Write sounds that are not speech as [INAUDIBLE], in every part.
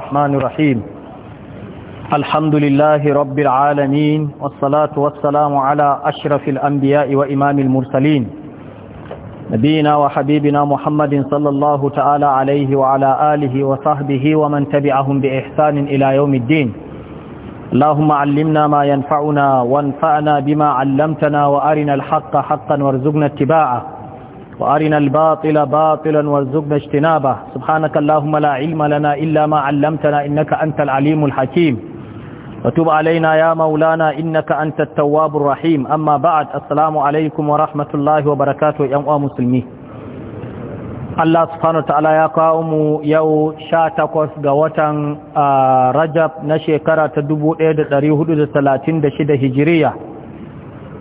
الرحمن الرحيم الحمد لله رب العالمين والصلاة والسلام على أشرف الأنبياء وإمام المرسلين نبينا وحبيبنا محمد صلى الله تعالى عليه وعلى آله وصحبه ومن تبعهم بإحسان إلى يوم الدين اللهم علمنا ما ينفعنا وانفعنا بما علمتنا وأرنا الحق حقا وارزقنا اتباعه وأرنا الباطل باطلا وارزقنا اجتنابه سبحانك اللهم لا علم لنا إلا ما علمتنا إنك أنت العليم الحكيم وتب علينا يا مولانا إنك أنت التواب الرحيم أما بعد السلام عليكم ورحمة الله وبركاته يا مسلمين Allah subhanahu ta'ala ya kawo mu yau sha takwas ga watan Rajab na shekara ta 1436 Hijiriya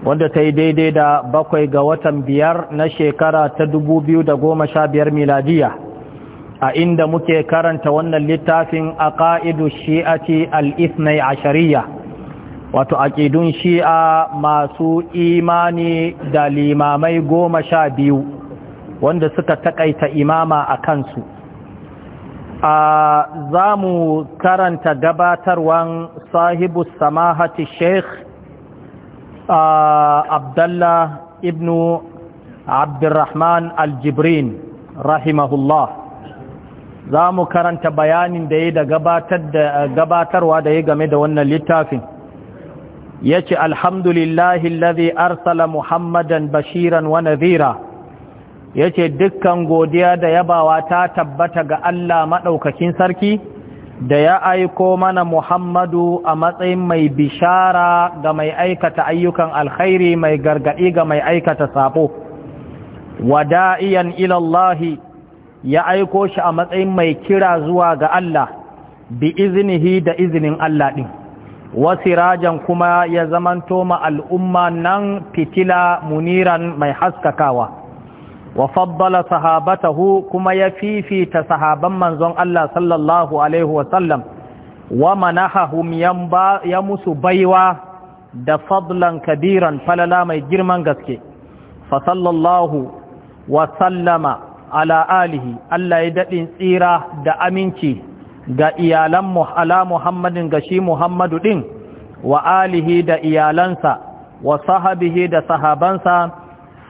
wanda ta yi daidai da bakwai ga watan biyar na shekara ta dubu biyu da goma sha biyar miladiya a inda muke karanta wannan littafin a ƙa'idu shi'ati al'ifnai ashariya wato aƙidun shi'a masu imani da limamai goma sha biyu wanda suka taƙaita imama a kansu a za mu karanta gabatarwan sahibu samahati sheikh abdallah ibnu abdurrahman aljibrin rahimahullah za mu karanta bayanin da ya da gabatarwa da ya game da wannan littafin yace ce alhamdulillahi lazi arsala muhammadan bashiran wa nazira ya dukkan godiya da yabawa ta tabbata ga Allah maɗaukakin sarki da ya aiko mana Muhammadu a matsayin mai bishara ga mai aikata ayyukan alkhairi mai gargaɗi ga mai aikata sabo wada'iyan ilallahi ya aiko shi a matsayin mai kira zuwa ga Allah bi izinihi da izinin Allah ɗin wasirajan kuma ya zamanto ma al'umma nan fitila muniran mai haskakawa wa faddala sahabatahu kuma ya fifita sahaban manzon Allah sallallahu alaihi wasallam wa manahahum ya musu baiwa da fadlan kabiran falala mai girman gaske fa sallallahu wa sallama ala alihi Allah ya daɗin tsira da aminci ga iyalan mu ala Muhammadin gashi Muhammadu ɗin wa alihi da iyalansa wa sahabihi da sahabansa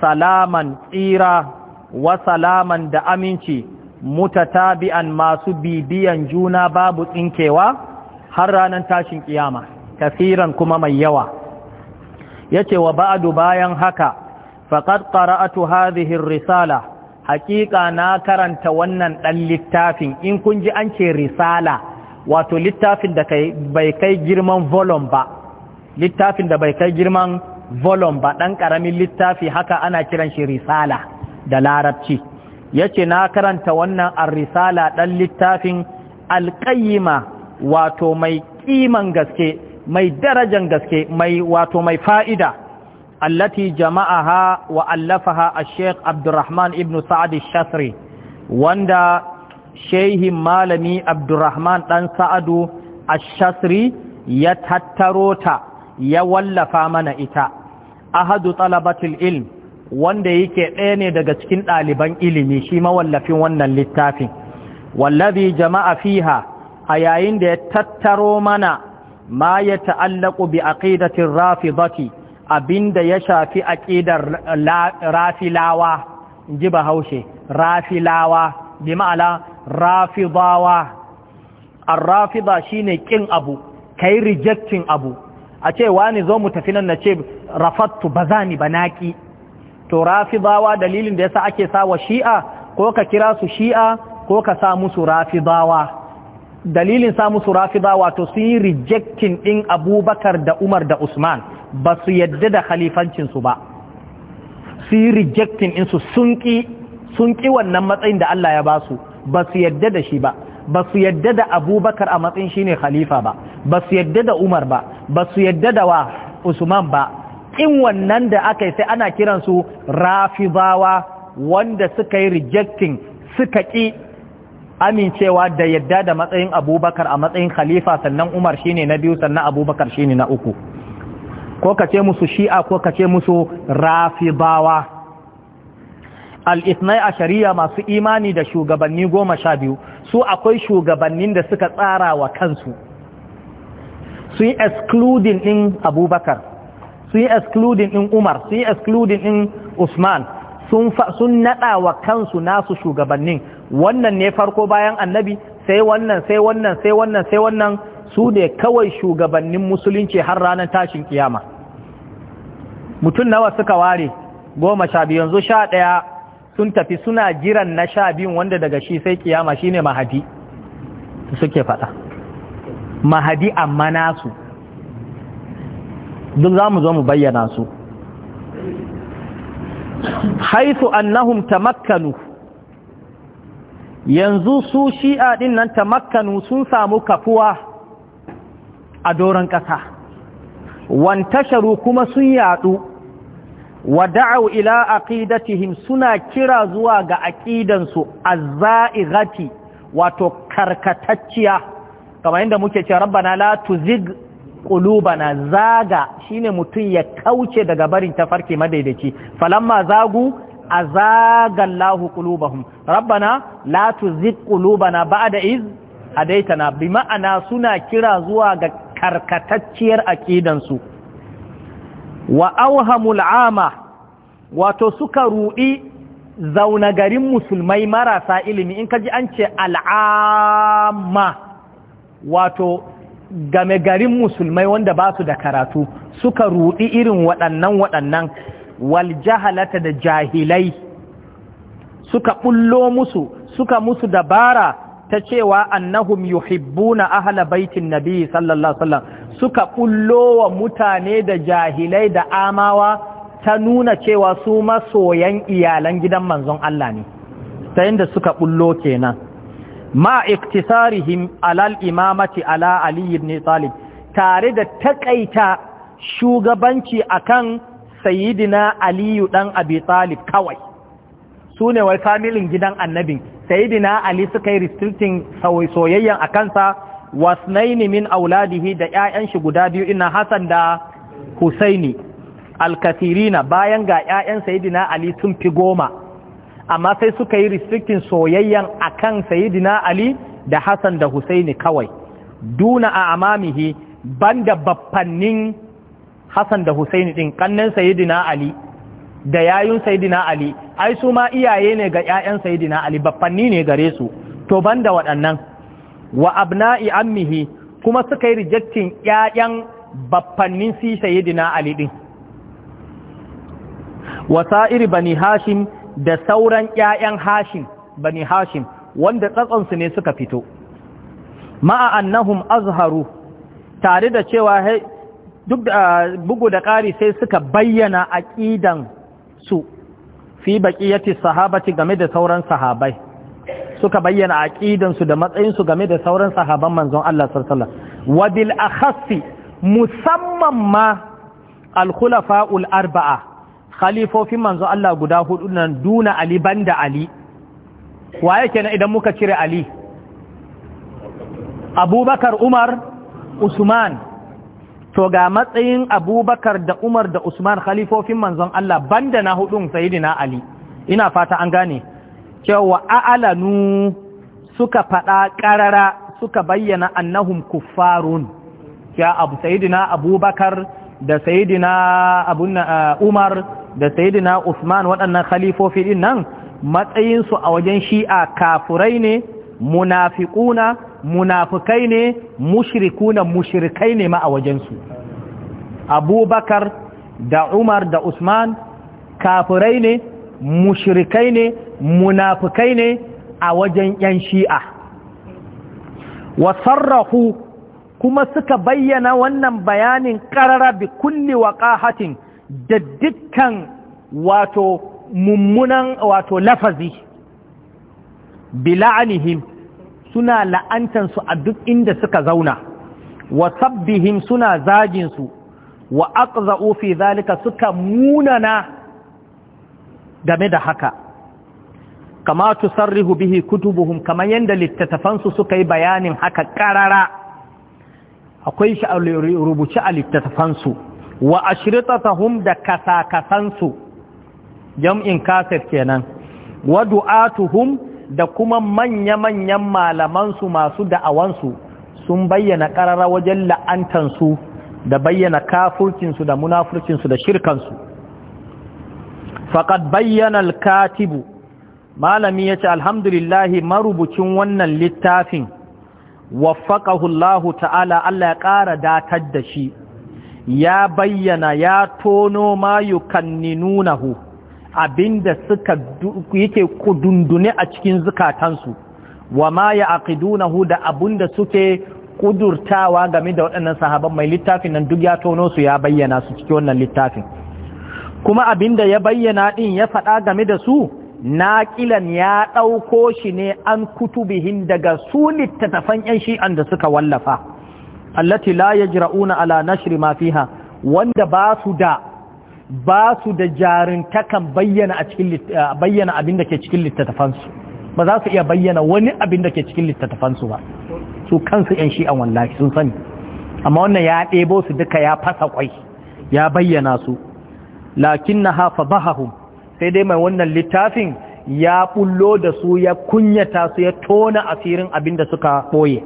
salaman tsira wa salaman da aminci mutatabi'an masu bibiyan juna babu tsinkewa har ranar tashin kiyama kafiran kuma mai yawa yace wa Ba'adu bayan haka faqad tu hadhihi risala haƙiƙa na karanta wannan dan littafin in kun ji an ce risala wato littafin da bai kai girman volume ba littafin da bai kai girman volum ba ɗan ƙaramin littafi haka ana kiran shi risala da larabci yace na karanta wannan a risala ɗan littafin alƙayyima wato mai ƙiman gaske mai darajan gaske mai wato mai fa'ida allati ha wa allafaha a sheikh abdurrahman ibn sa'ad shasri wanda shehin malami abdurrahman ɗan sa'adu a shasri ya tattaro ta ya wallafa mana ita ahadu talabatul ilm wanda yake ɗaya ne daga cikin ɗaliban ilimi shi mawallafin wannan littafin wallazi jama'a fiha a yayin da ya tattaro mana ma ya ta'allaku bi aqidatir rafidati abinda ya shafi aqidar rafilawa inji bahaushe rafilawa bi ma'ala rafidawa ar-rafida shine kin abu kai rejecting abu a ce wani zo mu tafi nan na ce rafattu ba za ni ba naƙi to rafidawa dalilin da yasa ake sa wa shi'a ko ka kira su shi'a ko ka sa musu rafidawa dalilin sa musu rafidawa to sun yi rijektin ɗin abubakar da umar da usman ba su yadda da halifancinsu ba su yi rijektin insu sun ƙi wannan matsayin da Allah ya basu, su ba su yadda da shi ba ba su yadda da abubakar a matsayin shine halifa ba ba su yadda da umar ba ba su yadda da wa usman ba In wannan da aka yi sai ana kiransu rafibawa wanda suka yi rejecting suka ƙi amincewa da yadda da matsayin abubakar a matsayin khalifa sannan umar shine na biyu sannan abubakar shine na uku ko ka ce musu shi'a ko ka ce musu rafibawa al'isnai a shari'a masu imani da shugabanni goma sha biyu su akwai shugabannin da suka tsara wa kansu su yi excluding ɗin abubakar sun yi excluding din umar sun yi excluding din usman sun naɗa wa kansu nasu shugabannin wannan ne farko bayan annabi sai wannan sai wannan sai wannan sai wannan su ne kawai shugabannin musulunci har ranar tashin kiyama mutum nawa suka ware goma sha biyu yanzu sha ɗaya sun tafi suna jiran na sha biyun wanda daga shi sai kiyama shine mahadi suke faɗa mahadi amma nasu duk za mu zo mu bayyana su haifu annahum tamakkanu yanzu su shi'a din nan tamakkanu sun samu kafuwa a doron ƙasa wantasharu kuma sun yadu wa da'u ila aqidatihim suna kira zuwa ga aqidansu azza'ighati wato karkatacciya kamar yadda muke cewa rabbana la tuzigh ƙulubana zaga shine mutum ya kauce daga barin tafarki madaidaici falamma zagu azaga Allahu qulubahum rabbana la tuzigh qulubana ba'da iz hadaitana bi ma'ana suna kira zuwa ga karkatacciyar aƙidansu, su wa awhamul ama wato suka rudi zauna garin musulmai marasa ilimi in kaji an ce al'amma wato game garin musulmai wanda ba su da karatu suka ruɗi irin waɗannan waɗannan wal jahalata da jahilai suka bullo musu suka musu dabara ta cewa annahum yuhibbuna ahla baitin nabi sallallahu alaihi wasallam suka bullo wa mutane da jahilai da amawa ta nuna cewa su masoyan iyalan gidan manzon Allah ne ta yanda suka bullo kenan ma iktisarihim alal imamati ala Ali ibn Talib tare da takaita shugabanci akan sayyidina Aliyu dan Abi Talib kawai Sune ne familin gidan annabin sayyidina Ali suka yi restricting soyayyan akansa wasnaini min auladihi da ƴaƴan shi guda biyu ina Hassan da Husaini al bayan ga ƴaƴan sayyidina Ali sun fi goma amma sai suka yi restricting soyayyan akan sayidina ali da hassan da husaini kawai duna a amamihi banda baffannin hassan da husaini din kannan sayidina ali da yayun sayidina ali ai su ma iyaye ne ga 'ya'yan sayidina ali baffanni ne gare su to banda waɗannan wa abna'i ammihi kuma suka yi rejecting 'ya'yan baffannin si sayidina ali din wasa'ir bani hashim da sauran ƴaƴan hashim bani hashim wanda tsatsansu ne suka fito ma'a annahum azharu tare da cewa duk da bugu da ƙari sai suka bayyana aƙidan su fi baƙiyyati sahabati game da sauran sahabai suka bayyana aƙidan su da matsayin su game da sauran sahaban manzon Allah sallallahu alaihi wasallam wa bil akhassi musamman ma al khulafa'ul arba'a khalifofin manzo Allah guda hudu nan duna Ali banda Ali wa yake na idan muka cire Ali Abubakar Umar Usman to ga matsayin Abubakar da Umar da Usman khalifofin manzon Allah banda na hudun sayyidina Ali ina fata an gane cewa a'alanu suka fada karara suka bayyana annahum kuffarun ya abu sayyidina Abubakar da sayidina eh, umar da sayidina Usman waɗannan khalifofi din nan matsayinsu a wajen shi'a kafurai ne munafiquna munafikai ne mushrikuna mushrikai ne ma a wajensu abubakar da umar da usman kafurai ne mushrikai ne munafukai ne a wajen yan shi'a wasarrahu kuma suka bayyana wannan bayanin karara bi kulli waqahatin da dukkan wato mummunan wato lafazi bila'anihim suna la'antansu a duk inda suka zauna wa sabbihim suna zaginsu. wa aqza'u fi zalika suka munana game da haka kama tusarrihu bihi kutubuhum kamar yadda littattafansu suka yi bayanin haka karara akwai shi a rubuce a littattafansu wa ashritatahum da kasakasansu jam'in kasir kenan wa du'atuhum da kuma manya-manyan malamansu masu da'awansu sun bayyana ƙarara wajen la'antansu da bayyana kafurkinsu da munafurcinsu da shirkansu faƙad bayyana alkatibu malami ya ce alhamdulillahi marubucin wannan littafin wafaƙahullahu ta'ala Allah ya ƙara datar da shi ya bayyana ya tono ma yukanninunahu abinda suka yake kudundune a cikin zukatansu wa ma ya aqidunahu da abinda suke kudurtawa game da waɗannan sahaban mai littafin nan duk ya tono su ya bayyana su cikin wannan littafin kuma abinda ya bayyana din ya faɗa game da su naqilan ya ɗauko shi ne an kutubihin daga su littattafan 'yan shi'an da suka wallafa allati la yajra'una ala nashri ma fiha wanda ba su da ba su da jarintakan bayyana a cikin bayyana abin da ke cikin littattafansu ba za su iya bayyana wani abin da ke cikin littattafansu ba su kansu yan shi'an wallahi sun sani amma wannan ya ɗebo su duka ya fasa kwai ya bayyana su lakin na sai dai mai wannan littafin ya bullo da su ya kunyata su ya tona asirin abin da suka ɓoye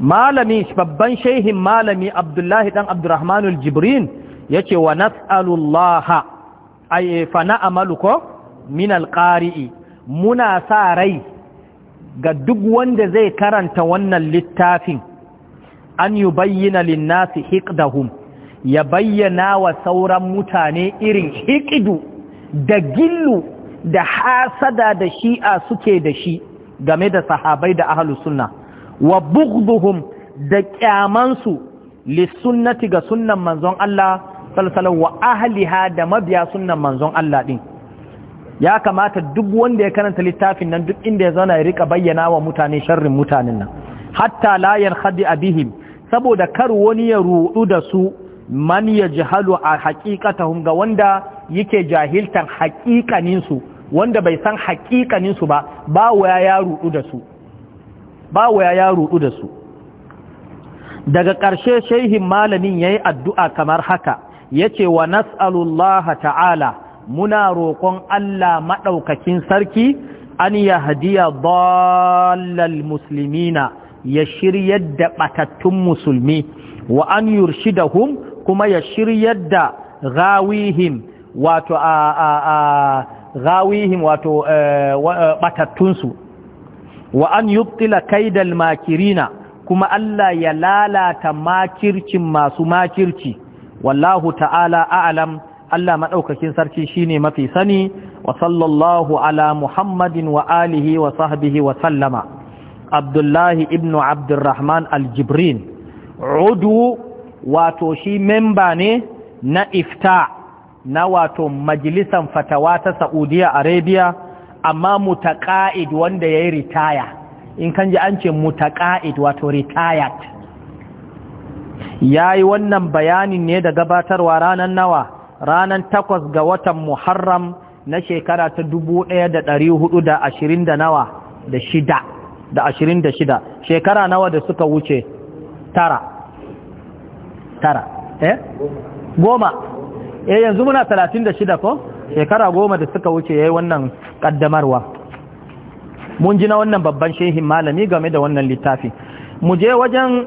malami babban shehin malami abdullahi dan abdurrahmanul jibrin ya ce wa nas'alullaha fa na'amalu ko min alqari'i muna sa rai ga duk wanda zai karanta wannan littafin an yi bayyana linnasi hiqdahum ya bayyana wa sauran mutane irin hikidu da gillu da hasada da shi'a suke da shi game da sahabai da sunnah wa bughdhuhum da kyamansu lissunnati ga sunnan manzon Allah sallallahu wa ahliha da mabiya sunnan manzon Allah din ya kamata duk wanda ya karanta littafin nan duk inda ya zauna ya rika bayyana wa mutane sharrin mutanen nan hatta la yarhadi abihim saboda kar wani ya rudu da su man ya jihalu a haqiqatahum ga wanda yake jahiltan haqiqanin su wanda bai san haqiqanin su ba ba waya ya rudu da su ba waya ya rudu da su daga ƙarshe shehin malamin ya yi addu'a kamar haka ya ce wa nas'alullaha ta'ala muna roƙon Allah maɗaukakin sarki an ya hadiya musulmina ya shiryar da ɓatattun musulmi wa an hum kuma ya shiryar da gawihim wato a gawihim wato eh, eh, ɓatattunsu wa an yubtila kaidal makirina kuma Allah ya lalata makircin masu makirci wallahu ta'ala a'lam Allah madaukakin sarki shine mafi sani wa sallallahu ala Muhammadin wa alihi wa sahbihi wa sallama Abdullahi ibn Abdurrahman aljibrin udu wato shi memba ne na ifta na wato majalisan fatawa ta Saudiya Arabia amma mutaqa'id wanda ya yi ritaya in kan ji an ce mutaqa'id wato retired yi wannan bayanin ne da gabatarwa ranar nawa Ranar takwas ga watan Muharram na shekara ta dubu ɗaya da ɗari hudu da ashirin da nawa da shida da ashirin da shida shekara nawa da suka wuce tara tara eh goma eh yanzu muna talatin da shida ko shekara goma da suka wuce ya yi wannan ƙaddamarwa mun ji na wannan babban shehin malami game da wannan littafi mu je wajen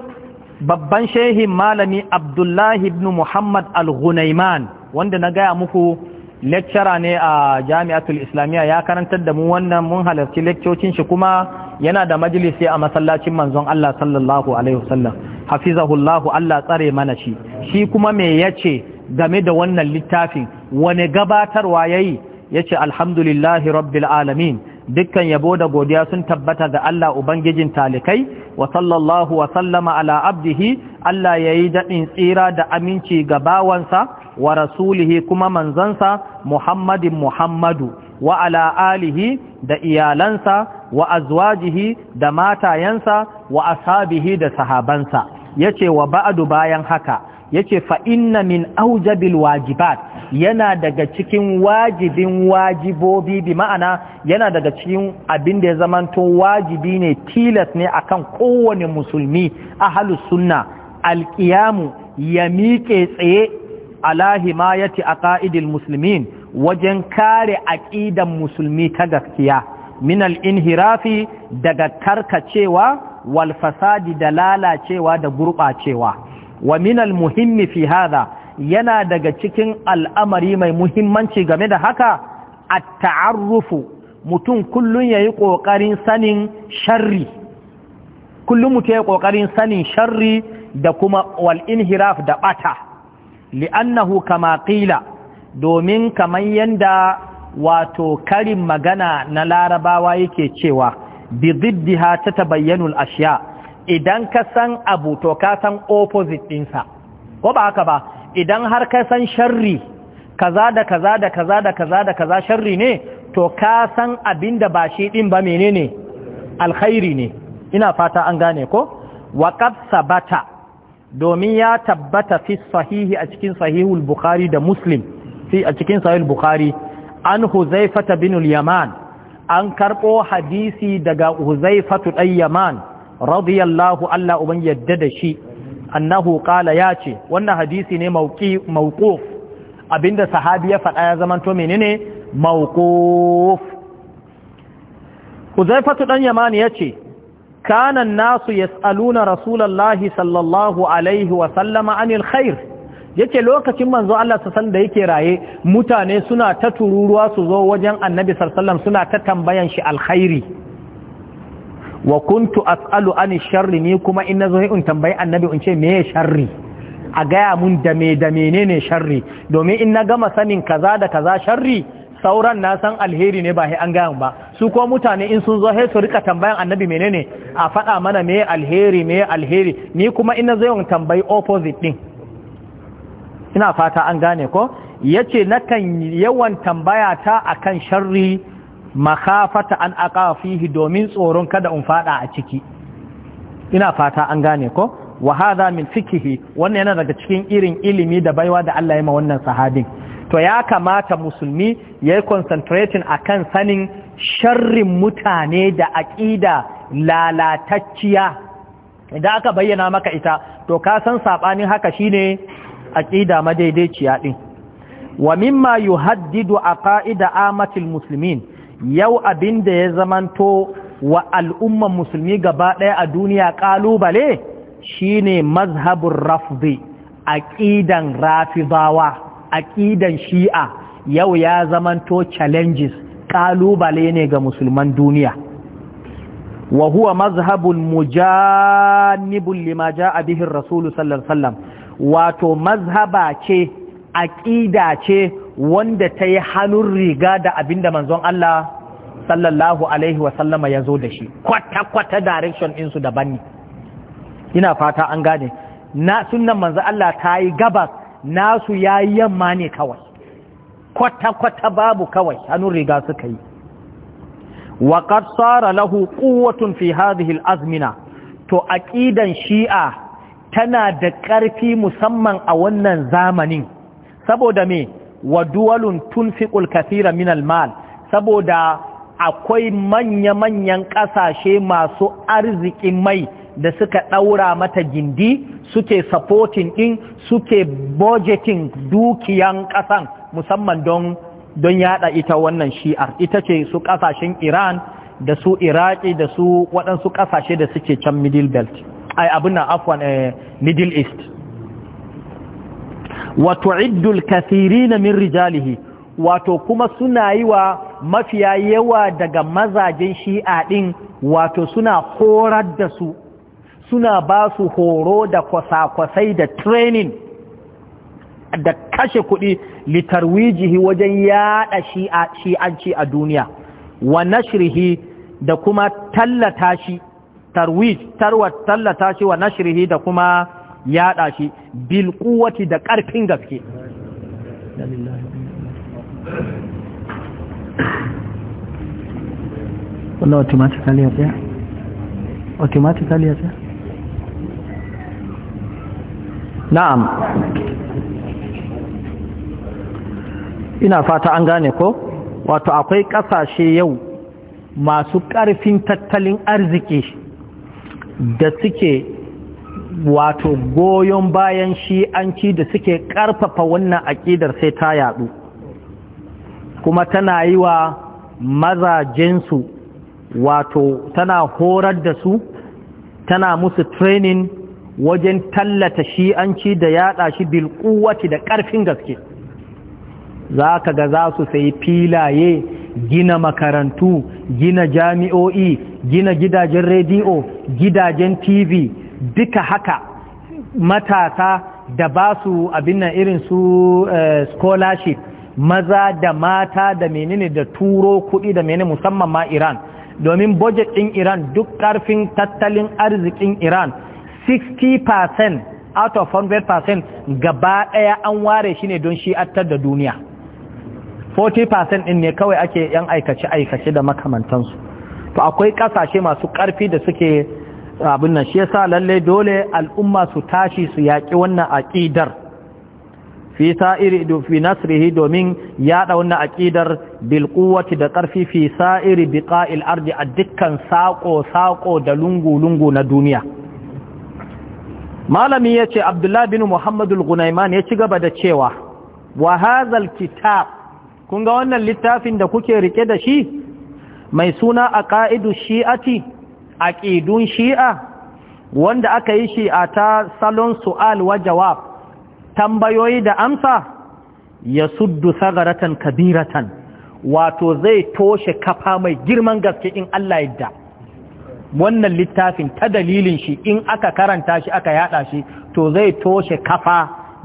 babban shehin malami abdullahi ibn muhammad al-ghunaiman wanda na gaya muku lecturer ne a jami'atul islamiyya ya karantar da mu wannan mun halarci lekcocin shi kuma yana da majalisi a masallacin manzon Allah sallallahu alaihi wasallam hafizahullahu Allah tsare mana shi shi kuma me yace game da wannan littafin wani gabatarwa yayi yace alhamdulillahi rabbil alamin dukkan yabo da godiya sun tabbata ga Allah ubangijin talikai wa sallallahu wa sallama ala abdihi Allah yayi dadin tsira da aminci ga bawansa wa rasulihi kuma manzansa Muhammadin Muhammadu wa ala alihi da iyalansa wa azwajihi da matayensa wa ashabihi da sahabansa yace wa ba'adu bayan haka yace fa inna min aujabil wajibat yana daga cikin wajibin wajibobi bi ma'ana yana daga cikin abin da ya zamanto wajibi ne tilas ne akan kowane musulmi ahlus sunna alqiyamu ya miƙe tsaye ala himayati aqaidil muslimin wajen kare aqidan musulmi ta gaskiya min al-inhirafi daga karkacewa wal fasadi da lalacewa da gurbacewa wa minal muhimmi fi hadha yana daga cikin al'amari mai muhimmanci game da haka a ta'arrufu mutum kullum ya yi ƙoƙarin sanin sharri kullum mutum ya ƙoƙarin sanin sharri da kuma wal'inhiraf da ɓata li'annahu kama ƙila domin kamar yadda wato karin magana na larabawa yake cewa bi ziddiha ta tabayyanul ashiya idan ka san abu to ka san opposite ɗinsa ko ba haka ba idan har ka san sharri kaza da kaza da kaza da kaza da kaza sharri ne to ka san abin ba shi ɗin ba menene alkhairi ne ina fata an gane ko waƙab sabata domin ya tabbata fi sahihi a cikin sahihul bukhari da muslim fi a cikin sahihul bukhari an huzaifata bin yaman an karɓo hadisi daga huzaifatu ɗan yaman radiyallahu Allah uban yadda da shi annahu qala ya ce wannan hadisi ne mawquf abinda sahabi ya faɗa ya zamanto menene mawquf Huzaifatu dan Yamani yace kana nasu yas'aluna rasulullahi sallallahu alaihi wa sallama anil khair yake lokacin manzo Allah sallallahu da yake raye mutane suna ta tururuwa su zo wajen annabi sallallahu suna ta tambayan shi alkhairi wa kuntu as'alu an sharri ni kuma in nazo in tambayi annabi in ce meye sharri a gaya mun da me da menene sharri domin in na gama sanin kaza da kaza sharri sauran na san alheri ne ba an gaya ba su ko mutane in sun zo he su rika tambayan annabi menene a faɗa mana me alheri me alheri ni kuma in nazo in tambayi opposite din ina fata an gane ko yace nakan yawan tambaya ta akan sharri makafata an aka fihi domin tsoron kada in fada a ciki ina fata an gane ko wa hadha min fikihi wannan yana daga cikin irin ilimi da baiwa da Allah ya ma wannan sahabin to ya kamata musulmi ya yi concentrating akan sanin sharrin mutane da aqida lalatacciya idan aka bayyana maka ita to ka san sabanin haka shine aqida madaidaiciya din wa mimma yuhaddidu aqaida amatil muslimin yau abin da ya zamanto wa al'umman musulmi gaba ɗaya a duniya ƙalubale shine mazhabin ƙidan aƙidan rafizawa aƙidan shi'a yau ya zamanto challenges ƙalubale ne ga musulman duniya wa huwa mazhabul mujannibul lima ja'a bihi rasulu sallallahu wato mazhaba ce aƙida ce wanda ta yi hannun riga da abinda manzon Allah sallallahu alaihi wasallama ya zo da shi kwata-kwata direction insu daban ne ina fata an gane na sunan manzon Allah ta yi gabas nasu ya yi yamma ne kawai kwata-kwata babu kawai hannun riga suka yi waƙar tsara lahu ƙuwatun fi hadhihi azmina to aƙidan shi'a tana da ƙarfi musamman a wannan zamanin saboda me wa duwalun fiƙul kafira minal mal saboda akwai manya-manyan ƙasashe masu arzikin mai da suka ɗaura mata gindi suke supporting din suke budgeting dukiyan ƙasan, musamman don don yada ita wannan shi'ar ita ce su ƙasashen Iran da su Iraki da su waɗansu ƙasashe da suke can Middle Belt ai abin na afwan eh, Middle East wa tu'iddul kathirin min rijalihi wato kuma suna yi wa mafiya yawa daga mazajen shi'a din wato suna horar da su suna ba su horo da kwasa-kwasai da training da kashe kuɗi litarwijihi wajen yaɗa shi'anci a duniya wa nashrihi da kuma tallata shi tarwij tarwa tallata shi wa nashrihi da kuma yaɗa shi bil da ƙarfin gaske wannan otimatikali ya tsaya otimatikali ya tsaya na'am ina fata an gane ko wato akwai ƙasashe yau masu ƙarfin tattalin arziki da suke wato goyon bayan shi'anci da suke ƙarfafa wannan aƙidar sai ta yaɗu kuma tana yi wa mazajensu wato tana horar da su tana musu training wajen tallata shi'anci da yaɗa shi bilƙuwaci da ƙarfin gaske za ka ga za su sayi filaye gina makarantu gina jami'o'i gina gidajen rediyo gidajen tv duka haka matasa da ba su abin irin su eh, scholarship maza da mata da menene da turo kuɗi da menene musamman ma iran domin budget ɗin iran duk ƙarfin tattalin arzikin iran 60% out of 100% gaba ɗaya an ware shi ne don shi'attar da duniya 40% ɗin ne kawai ake yan aikace-aikace da makamantansu to akwai ƙasashe masu ƙarfi da suke abin nan shi yasa lalle dole al'umma su tashi su yaƙi wannan aƙidar fi sa'iri fi nasrihi domin yaɗa wannan aƙidar bil quwwati da ƙarfi fi sa'iri biqa'il ardi a dukkan saƙo-saƙo da lungu lungu na duniya malami yace abdullahi bin muhammad al-gunaiman ya ci gaba da cewa wa hadha kitab kun ga wannan littafin da kuke rike da shi mai suna aqaidu shi'ati aƙidun shi'a wanda aka yi shi'a ta salon su'al wa jawab tambayoyi da amsa ya suddu sagaratan kabiratan wato zai toshe kafa mai girman gaske in Allah yadda wannan littafin ta dalilin shi in aka karanta shi aka yada shi to zai toshe kafa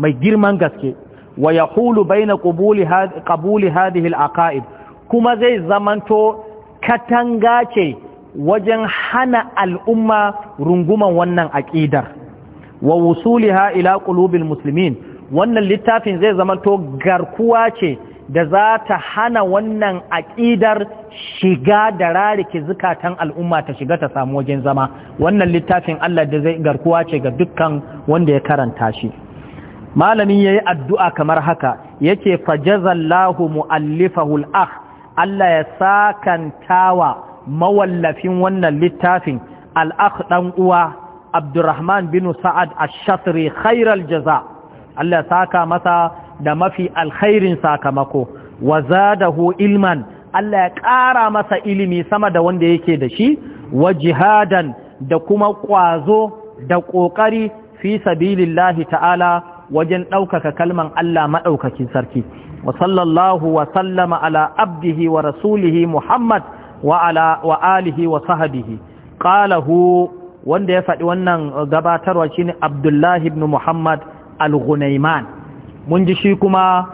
mai girman gaske wa yahulu baina qabuli hadhihi aka'id kuma zai zamanto katanga ce wajen hana al'umma runguman wannan aƙidar wa ha ila qulubil musulmin wannan littafin zai zamanto garkuwa ce da za ta hana wannan aƙidar shiga da rariki zukatan al'umma ta shiga ta samu wajen zama wannan littafin Allah da zai garkuwa ce ga dukkan wanda ya karanta shi malamin yayi addu'a kamar haka yake fajazallahu mu'allifahul akh Allah ya sakantawa mawallafin wannan littafin al'akh ɗan uwa abdurrahman bin sa'ad ash-shatri khairal jaza Allah saka masa da mafi alkhairin sakamako wa zadahu ilman Allah ya ƙara masa ilimi sama da wanda yake da shi wa jihadan da kuma ƙwazo da ƙoƙari fi sabilillahi ta'ala wajen ɗaukaka kalman Allah maɗaukakin sarki wa sallallahu wa sallama ala abdihi wa rasulihi Muhammad wa alihi wa sahabihi qalahu wanda ya faɗi wannan gabatarwa shine abdullahi ibn muhammad al-ghunayman mun ji shi kuma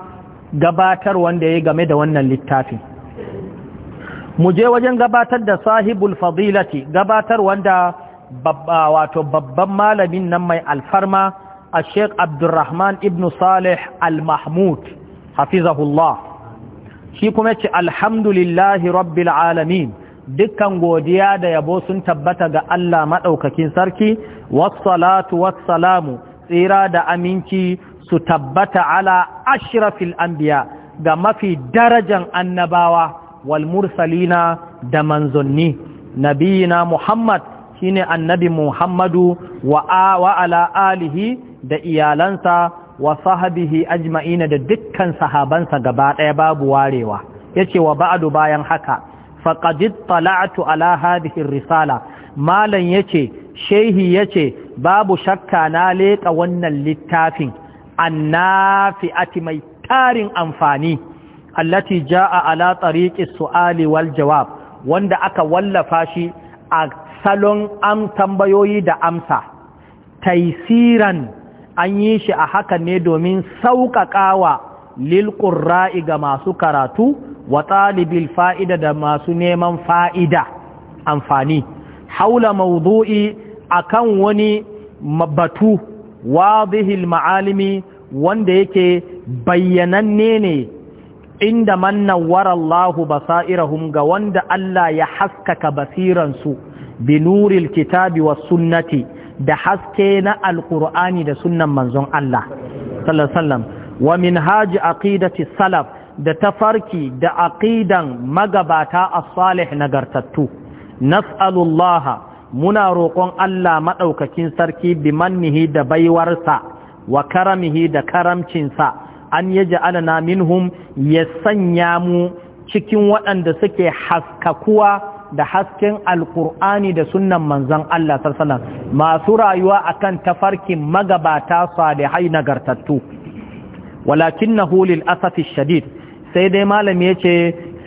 gabatar wanda ya game da wannan littafin mu je wajen gabatar da sahibul fadilati gabatar wanda babba wato babban malamin nan mai alfarma a sheikh abdurrahman ibn salih al-mahmud hafizahullah shi kuma ce alhamdulillahi rabbil alamin dukkan godiya da yabo sun tabbata ga Allah maɗaukakin sarki wassalatu wassalamu tsira da aminci su tabbata ala ashrafil anbiya ga mafi darajan annabawa wal mursalina da manzanni nabiyina muhammad shine annabi muhammadu wa ala alihi da iyalansa wa sahabihi ajma'ina da dukkan sahabansa gaba ɗaya babu warewa yace wa ba'du bayan haka faqad tala'tu ala hadhihi risala malan yace shehi yace babu shakka na leka wannan littafin annafi'ati mai tarin amfani allati jaa ala tariqi su'ali wal jawab wanda aka wallafa shi a salon am tambayoyi da amsa taisiran an yi shi a hakan ne domin sauƙaƙawa lilƙurra'i ga masu karatu wa ɗalibil fa'ida da masu neman fa'ida amfani haula mawdu'i akan wani batu wadihil ma'alimi wanda yake bayyananne ne inda mannan warallahu basairahum ga wanda Allah ya haskaka basiransu binuril kitabi wa sunnati da haske na alkur'ani da sunan manzon Allah sallallahu wa min haji aqidati salaf da tafarki da aqidan magabata as-salih nagartattu nas'alullaha muna roƙon Allah madaukakin sarki bi mannihi da baiwarsa wa karamihi da karamcinsa an yaj'alana minhum ya sanya mu cikin waɗanda suke haskakuwa da hasken alkur'ani da sunan manzan Allah sarsalan masu rayuwa akan tafarkin magabata salihai nagartattu walakin na hulil asafi shadid sai dai malami ya ce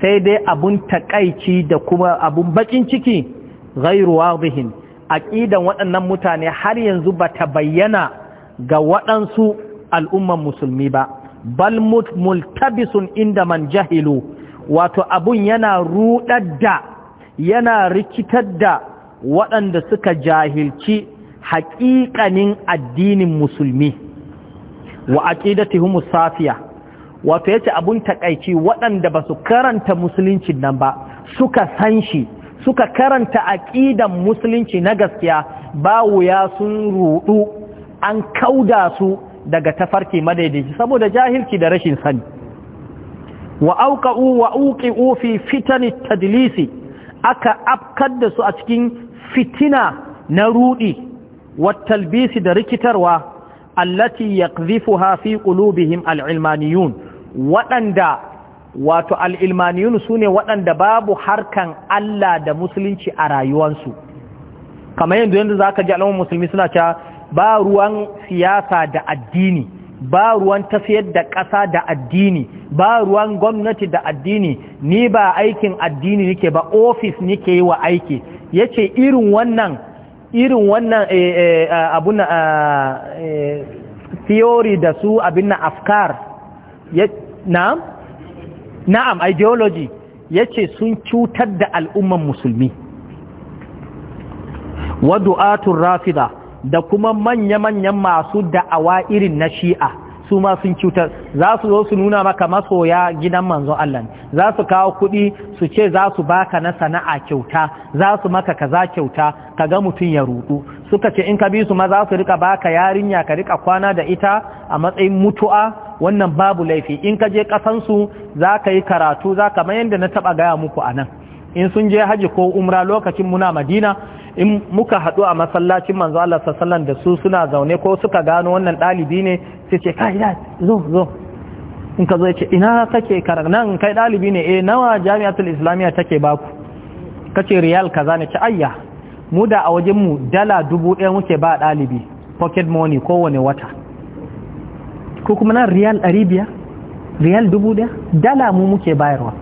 sai dai abun takaici da kuma abun bakin ciki gairu A ƙidan waɗannan mutane har yanzu ba ta bayyana ga waɗansu al'umman musulmi ba bal multabisun inda man jahilu wato abun yana rudar da yana rikitar da waɗanda suka jahilci haƙiƙanin addinin musulmi wa aqidatihum safiya wato yace abun taƙaici waɗanda ba su karanta musulunci nan ba suka san shi suka karanta aƙidan musulunci na gaskiya ba wuya sun ruɗu an kauda su daga tafarki madaidaici saboda jahilci da rashin sani wa auqa'u wa uqi'u fi fitani tadlisi aka afkar da su a cikin fitina na rudi watalbisi da rikitarwa allati ha fi qulubihim alilmaniyun waɗanda wato al'ilmaniyun su ne waɗanda babu harkan Allah da musulunci a rayuwansu kamar yadda yadda za ka ji alamun musulmi suna cewa ba ruwan siyasa da addini ba ruwan tafiyar da ƙasa da addini ba ruwan gwamnati da addini ni ba aikin addini nike ba ofis nike yi wa aiki ya ce irin wannan irin wannan eh, eh, eh, theory da su abin na afkar na'am ideology ya ce sun cutar da al'umman musulmi wa du'atun rafida da kuma manya-manyan masu da'awa irin na shi'a su ma sun cutar za su zo su nuna maka masoya gidan manzon Allah za su kawo kuɗi su ce za su baka na sana'a kyauta za su maka kaza kyauta ka ga mutum ya rudu suka ce in ka bi su ma za su rika baka yarinya ka rika kwana da ita a matsayin mutu'a wannan babu laifi in ka je su za ka yi karatu za ka mayar da na taɓa gaya muku anan. in sun je haji ko umra lokacin muna madina in muka haɗu a masallacin manzo Allah sallallahu da su suna zaune ko suka gano wannan ɗalibi ne sai ce kai da zo zo in ka zo ce ina kake karanta nan kai ɗalibi ne eh nawa jami'atul islamiyya take baku kace riyal kaza ne ce ayya mu da a wajen mu dala dubu ɗaya muke ba ɗalibi pocket money kowane wata ko kuma nan riyal ɗari biyar riyal dubu ɗaya dala mu muke bayarwa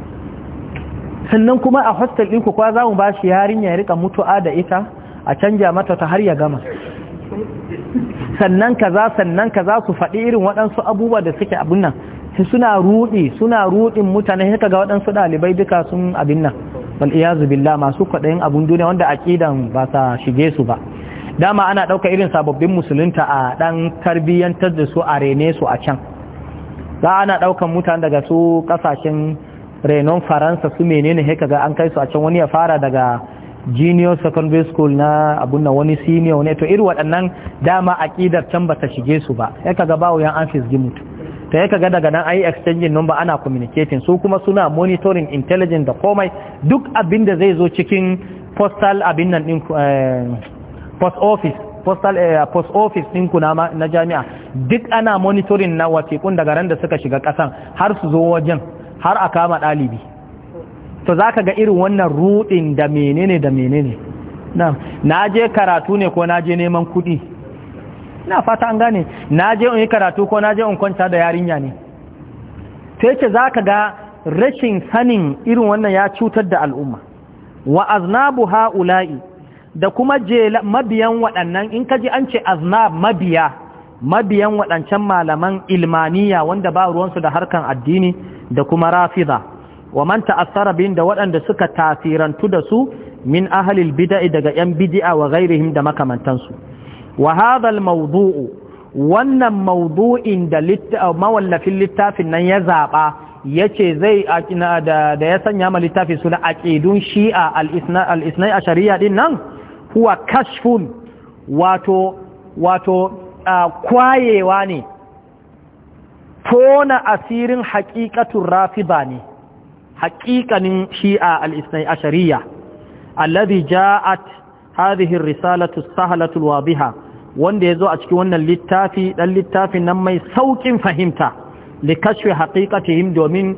sannan kuma a hostel ɗinku kwa za mu ba shi yarinya ya rika mutu'a da ita a canja mata ta har ya gama sannan za sannan za su faɗi irin waɗansu abubuwa da suke abin nan sai suna ruɗi suna ruɗin mutane haka ga waɗansu ɗalibai duka sun abin nan Wal'iya iyazu masu kwaɗayin abin duniya wanda aqidan ba sa shige su ba dama ana ɗauka irin sababbin musulunta a ɗan tarbiyyantar da su a rene su a can za ana ɗaukan mutane daga su ƙasashen renon faransa su menene ne ga an kai su a can wani ya fara daga junior secondary school na abun nan wani senior ne to iri waɗannan dama ƙidar can ba ta shige su ba ya kaga bawo yan an fisgi mutu ta ya kaga daga nan ayi exchange number ana communicating su kuma suna monitoring intelligence da komai duk abin da zai zo cikin postal abin nan din eh, post office postal eh, post office din na jami'a duk ana monitoring na wasiƙun daga ran da suka shiga ƙasan har su zo wajen har a kama ɗalibi to za ka ga irin wannan rudin da menene da menene na je karatu ne ko na neman kuɗi na fata an gane na in yi karatu ko na in kwanta da yarinya ne to yace za ka ga rashin sanin irin wannan ya cutar da al'umma wa aznabu ha'ula'i da kuma jela mabiyan waɗannan in kaji an ce aznab mabiya mabiyan waɗancan malaman ilmaniya wanda ba ruwansu da harkan addini da kuma ra'fiza wa man ta'assara bin da waɗanda suka tasirantu da su min ahlil bid'a daga yan bid'a wa ghairihim da makamantansu wa hadha al mawdu'u wannan mawdu'in da mawallafin littafin nan ya zaba yace zai da da ya sanya ma littafi suna aqidun shi'a al isnai ashariya din nan huwa kashfun wato wato kwayewa ne tona asirin haƙiƙatun rafiba ne haƙiƙanin shi'a al'isnai ashariya alladhi ja'at hadhihi risalatu sahalatu wadiha wanda yazo a cikin wannan littafi dan littafin nan mai saukin fahimta li kashfi haqiqatihim domin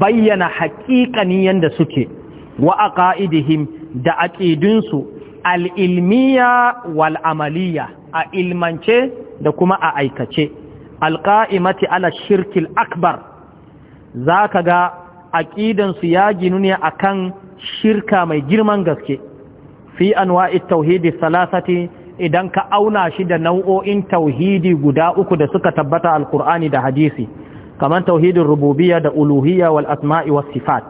bayyana haqiqani yanda suke wa aqaidihim da aqidunsu al-ilmiya wal amaliya a ilmance da kuma a aikace alƙa'imati ala shirkil akbar za ka ga aƙidansu ya ginu ne akan shirka mai girman gaske fi anwa'i tauhidi salasati idan ka auna shi da nau'o'in tauhidi guda uku da suka tabbata Alƙur'ani da hadisi kamar tauhidin rububiya da uluhiyya wal asma'i was sifat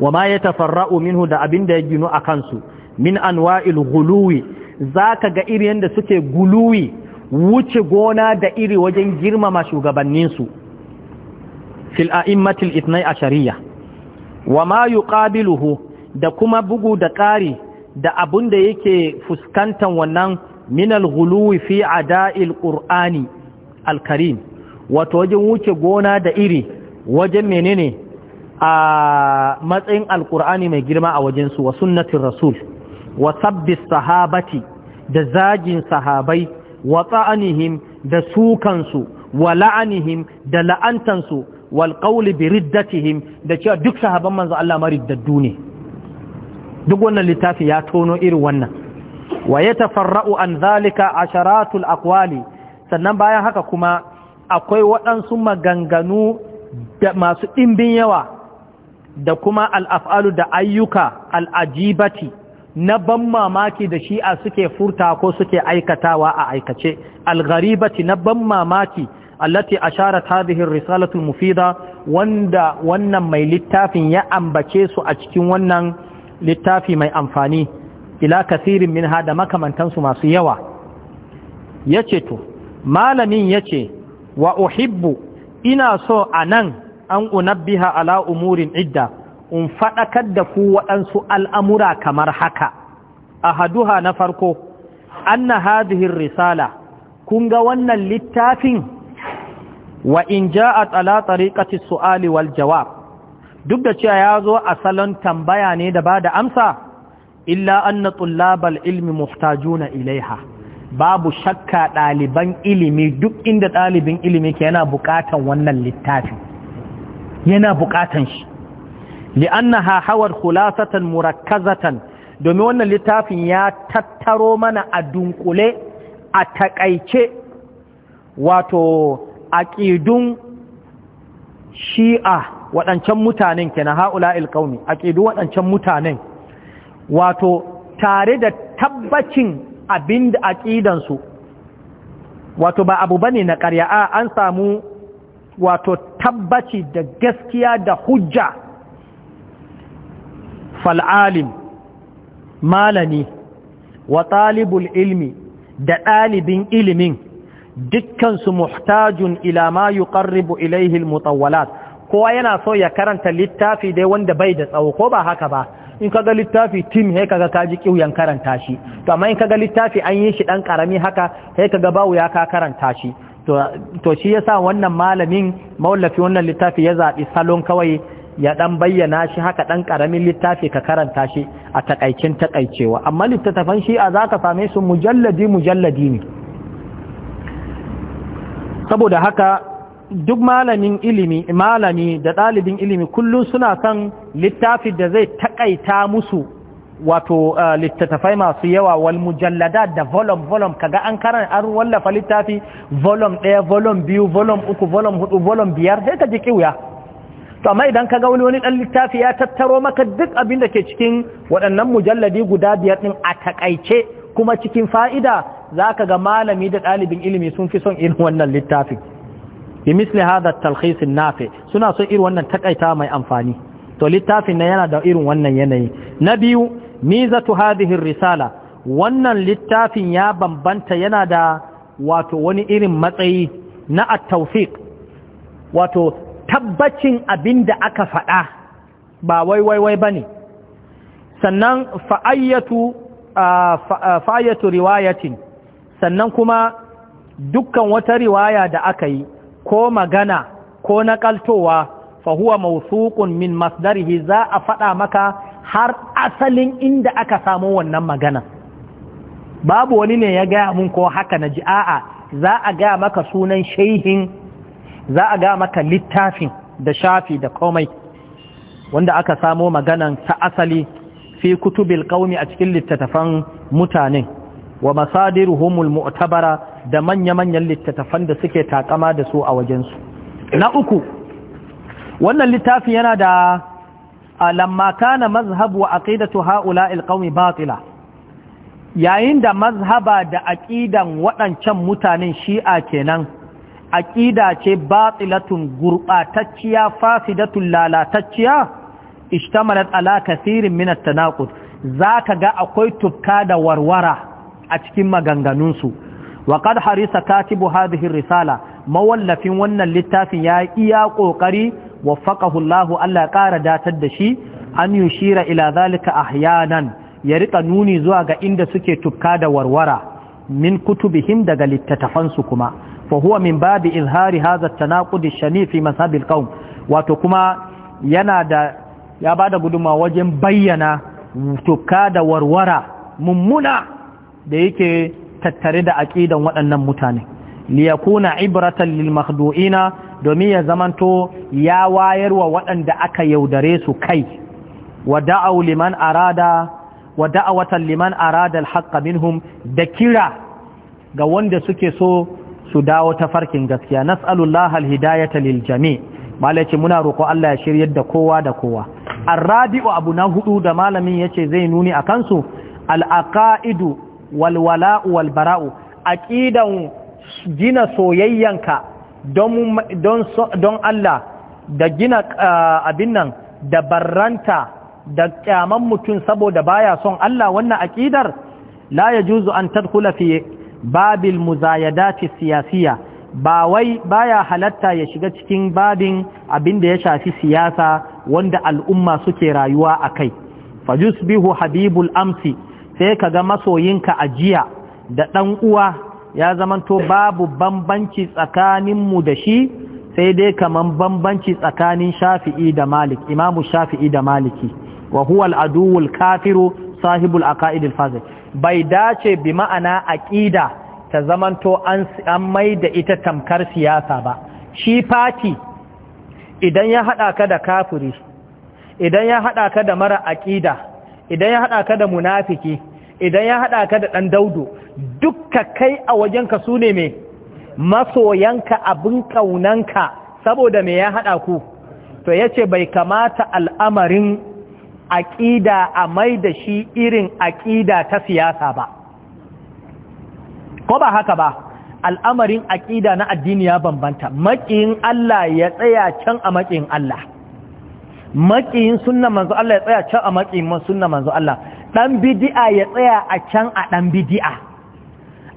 wa ma tafarra'u minhu da abin da ya ginu a kansu min anwa'il guluwi zaka ga irin da suke guluwi wuce gona da iri wajen girmama shugabanninsu fil a'immatil itnai ashariya wa ma yuqabiluhu da kuma bugu da ƙari da abun da yake fuskantan wannan minal ghuluwi fi ada'il qur'ani alkarim wato wajen wuce gona da iri wajen menene a matsayin alkur'ani mai girma a wajensu wa sunnatin rasul wa sabbi sahabati da zagin sahabai wa ta'anihim da sukansu wa la'anihim da la'antansu wal qawli bi riddatihim da cewa duk sahaban manzo Allah mariddaddu ne duk wannan littafi ya tono irin wannan wa ya yatafarra'u an a Sharatul Akwali sannan bayan haka kuma akwai waɗansu maganganu da masu ɗimbin yawa da kuma al'af'alu da ayyuka al'ajibati na ban mamaki da shi'a suke furta ko suke aikatawa a aikace algharibati na ban mamaki allati asharat hadhihi ar-risalatu mufida wanda wannan mai littafin ya ambace su a cikin wannan littafi mai amfani ila kasirin min hada makamantansu masu yawa yace to malamin yace wa uhibbu ina so anan an unabbiha ala umurin idda in faɗakar da ku waɗansu al'amura kamar haka a haduha na farko anna hazihin risala kun ga wannan littafin wa in ja a tsala tsariƙati su'ali wal jawab duk da cewa ya zo a salon tambaya ne da ba da amsa illa anna tullabal ilmi muhtajuna ilaiha babu shakka ɗaliban ilimi duk inda ɗalibin ilimi ke yana buƙatan wannan littafi yana buƙatan shi li'annaha hawar khulasatan murakkazatan domin wannan littafin ya tattaro mana a dunkule a takaice wato aqidun shi'a waɗancan mutanen kenan haula ilkaumi aqidu waɗancan mutanen wato tare da tabbacin abinda da aqidansu wato ba abu bane na ƙarya an samu wato tabbaci da gaskiya da hujja fal'alim malami wa talibul ilmi da ɗalibin ilimin dukkansu muhtajun ila ma yuqarribu ilaihi almutawwalat kowa yana so ya karanta littafi dai wanda bai da tsawo ko ba haka ba in kaga littafi tim he kaga kaji kiuyan karanta shi to amma in kaga littafi an yi shi dan karami haka he kaga bawu ya ka karanta shi to to shi yasa wannan malamin mawallafi wannan littafi ya zaɓi salon kawai ya dan bayyana shi haka dan karamin littafi ka karanta shi a takaicin takaicewa amma littattafan shi'a za ka same su mujalladi mujalladi ne saboda haka duk malamin ilimi malami da ɗalibin ilimi kullum suna son littafi da zai takaita musu wato uh, littattafai masu yawa wal mujallada da volume volume kaga an karan an wallafa littafi volume ɗaya volume biyu volume uku volume hudu volume biyar sai ka ji ƙiuya. to amma idan ka ga wani wani dan littafi ya tattaro maka duk abin da ke cikin waɗannan mujalladi guda biyar din a takaice kuma cikin fa'ida zaka ga malami da ɗalibin ilimi sun fi son irin wannan littafi bi misli hadha talkhis nafi suna son irin wannan takaita mai amfani to littafin na yana da irin wannan yanayi na biyu mizatu hadhihi risala wannan littafin ya bambanta yana da wato wani irin matsayi na at-tawfiq wato tabbacin abin da aka faɗa ba wai wai wai ba ne sannan fa'ayyatu fa'ayyatu riwayatin sannan kuma dukkan wata riwaya da aka yi ko magana ko naƙaltowa fahuwa mausuƙun min masdarihi za a faɗa maka har asalin inda aka samu wannan magana babu wani ne ya gaya mun ko haka na ji a'a za a gaya maka sunan shaihin. za a ga maka littafin da shafi da komai wanda aka samo maganan ta asali fi kutubil kaumi a cikin littattafan mutane wa masadiruhumul mu'tabara da manya-manyan littattafan da suke takama da su a wajensu na uku wannan littafi yana da lamma kana mazhab wa aqidatu ha'ula'il qaumi batila yayin da mazhaba da aqidan waɗancan mutanen shi'a kenan aƙida ce batilatun gurɓatacciya fasidatun lalatacciya ishtamalat ala kasirin minat tanaqud zaka ga akwai tufka da warwara a cikin maganganunsu wa qad harisa katibu hadhihi risala mawallafin wannan littafin ya iya kokari waffaqahu Allah Allah ƙara datar da shi an yushira ila zalika ahyanan ya rika nuni zuwa ga inda suke tufka da warwara min kutubihim daga littattafansu kuma fa huwa min babi izhari hadha at-tanaqud ash-shani fi wato kuma yana da ya bada guduma wajen bayyana tuka da warwara mummuna da yake tattare da aqidan waɗannan mutane liyakuna ibratan lil makhdu'ina domin ya zamanto ya wayarwa waɗanda aka yaudare su kai wa da'aw liman arada wa liman arada al minhum da kira ga wanda suke so su dawo ta farkin gaskiya nas'alullah alhidayata liljami jami malaci muna roko Allah ya shiryar da kowa da kowa arrabi'u abu na hudu da malamin yace zai nuni akan su al'aqaidu wal wala'u aqidan gina soyayyanka don don don Allah da gina ah, abin nan da barranta da kyaman mutum saboda baya son Allah wannan aqidar la yajuzu an tadkhula fi babil muzayadati siyasiya ba wai baya halatta ya shiga cikin babin abin da ya shafi siyasa wanda al'umma suke rayuwa a kai bihu habibul amsi sai kaga masoyinka ajiya da ɗan uwa ya zamanto babu bambanci tsakaninmu da shi sai dai kaman bambanci tsakanin shafi'i da malik imamu shafi'i da maliki wa huwa al'aduwul kafiru sahibul aqaidil fazil bai dace bi ma'ana aƙida ta zamanto an mai da ita tamkar siyasa ba shi fati idan ya haɗa ka da kafiri idan ya haɗa ka da mara aƙida idan ya haɗa ka da munafiki idan ya haɗa ka da ɗan daudu dukka kai a wajenka su ne mai masoyanka abin ƙaunanka saboda me ya haɗa ku to yace bai kamata al'amarin aƙida a mai da shi irin aƙida ta siyasa ba ko ba haka ba al'amarin aƙida na addini ya bambanta maƙiyin Allah ya tsaya can a maƙiyin Allah maƙiyin sunna manzo Allah ya tsaya can a maƙiyin sunna manzo Allah ɗan bidi'a ya tsaya a can a ɗan bidi'a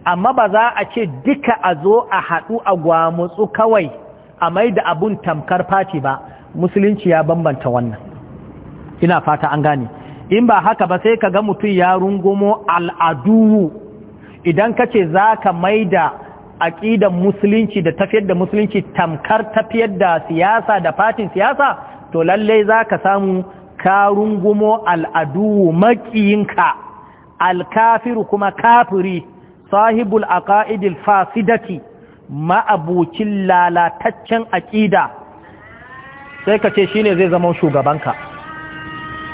amma ba za a ce duka a zo a haɗu a gwamutsu kawai a mai da abun tamkar fati ba musulunci ya bambanta wannan ina fata an gane in ba haka ba sai ka ga mutum ya rungumo al'adu idan ka ce za ka maida aƙidan musulunci da tafiyar da musulunci tamkar tafiyar da siyasa da fatin siyasa to lallai za ka samu ka rungumo al'adu maƙiyinka alkafiru kuma kafiri sahibul aqaidil fasidati ma'abucin lalataccen aƙida sai ka ce ne zai zama shugabanka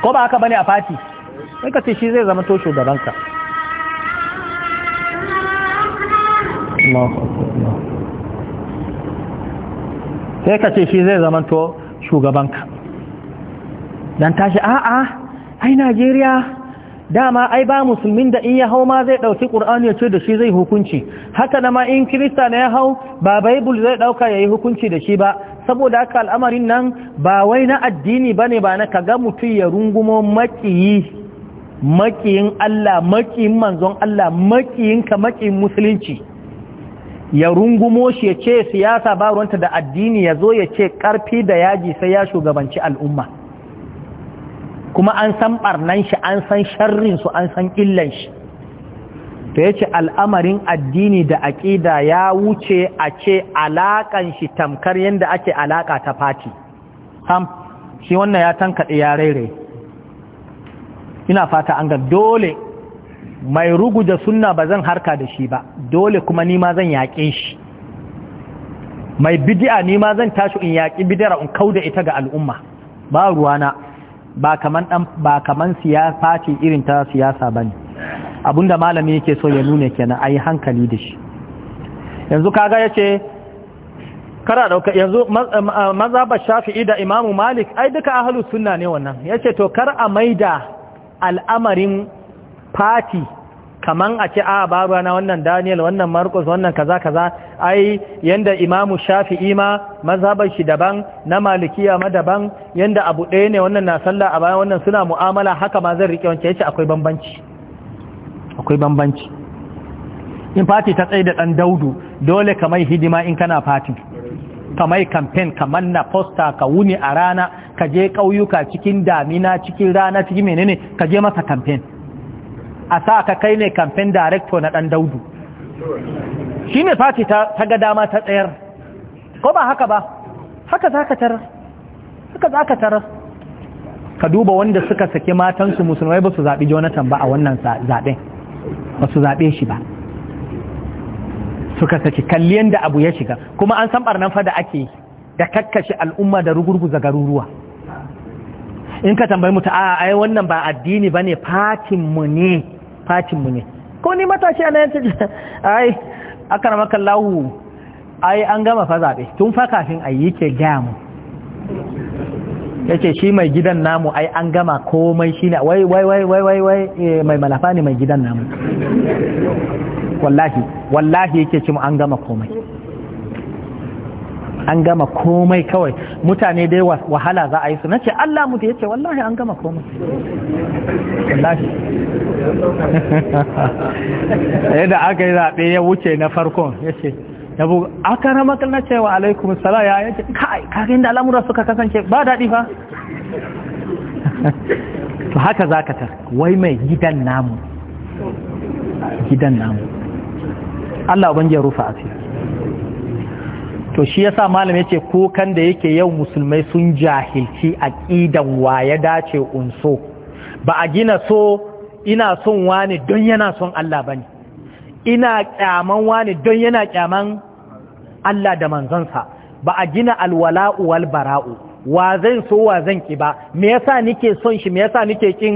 ko ba haka bane a fati sai ka ce shi zai zama da shugabanka sai ka ce shi zai zama to shugabanka dan tashi a'a ai Najeriya dama ai ba musulmin da in ya hau ma zai ɗauki ƙur'ani ya ce da shi zai hukunci haka da ma in kirista na ya hau ba baibul zai ɗauka ya yi hukunci da shi ba saboda haka al'amarin nan ba wai na addini ba ne ba na kaga mutum ya rungumo makiyi makiyin Allah makiyin manzon Allah makiyin ka makiyin musulunci ya rungumo shi ya ce siyasa ba ruwanta da addini ya zo ya ce ƙarfi da yaji sai ya shugabanci al'umma kuma an san barnan shi an san sharrin su an san illan shi to yace al'amarin addini da aƙida ya wuce a ce alaƙan shi tamkar yadda ake alaƙa ta fati Ham, shi wannan ya tankaɗe ya raire. ina fata an ga dole mai ruguja sunna ba zan harka da shi ba dole kuma nima zan yaƙe shi mai bidi'a nima zan tashi in yaƙi bidiyar in da ita ga al'umma ba ruwana ba kaman fati irin ta siyasa bane abinda malami yake so ya nuna kenan ayi hankali da shi yanzu kaga yace kara dauka yanzu mazhabar shafi'i da imamu malik ai duka ahlus sunna ne wannan yace to kar a maida al'amarin fati kaman a ce a ba na wannan daniel wannan marcus wannan kaza kaza ai yanda imamu shafi'i ma mazhabar shi daban na malikiya ma daban yanda abu ɗaya ne wannan na sallah a bayan wannan suna mu'amala haka ma zan rike wancan yace akwai bambanci akwai bambanci in fati ta tsaye da ɗan daudu dole ka mai hidima in kana fatin ka mai kamfen ka manna posta ka wuni a rana ka je ƙauyuka cikin damina cikin rana cikin menene ka je masa kamfen a sa ka kai ne kamfen director na ɗan daudu shi ne fati ta ga dama ta tsayar ko ba haka ba haka za ka tarar haka za ka tarar ka duba wanda suka saki matansu musulmai ba su zaɓi jonathan ba a wannan zaɓen ba su zaɓe shi ba suka saki kalliyan da abu ya shiga kuma an san barnan fa da ake da kakkashe al'umma da rugurguza garuruwa in ka tambayi mutu a ai wannan ba addini bane fatin mu ne fatin ne ko ni matashi ana yanci [LAUGHS] ai akramaka lahu ai an gama fa zaɓe tun fa kafin ayi ke gaya mu yace shi mai gidan namu ai an gama komai shi ne wai wai wai wai wai eh, mai malafa ne mai gidan namu wallahi wallahi yake ce mu an gama komai an gama komai kawai mutane dai wahala za a yi su nace Allah mutu yace wallahi an gama komai wallahi [LAUGHS] yadda aka yi zaɓe ya wuce na farkon yace yabo aka rama ce cewa alaikum sala ya yake kai kaga da al'amura suka kasance ba daɗi fa [LAUGHS] to haka za ka tar wai mai gidan namu gidan namu Allah ban ya rufa asiri to shi yasa malam yace kukan da yake yau musulmai sun jahilci aqidan ya dace unso ba a gina so ina son wani don yana son Allah bane ina kyaman wani don yana kyaman Allah da manzansa ba a gina alwala'u wal bara'u wa zan so wa zan ki ba me yasa nike son shi me yasa nike kin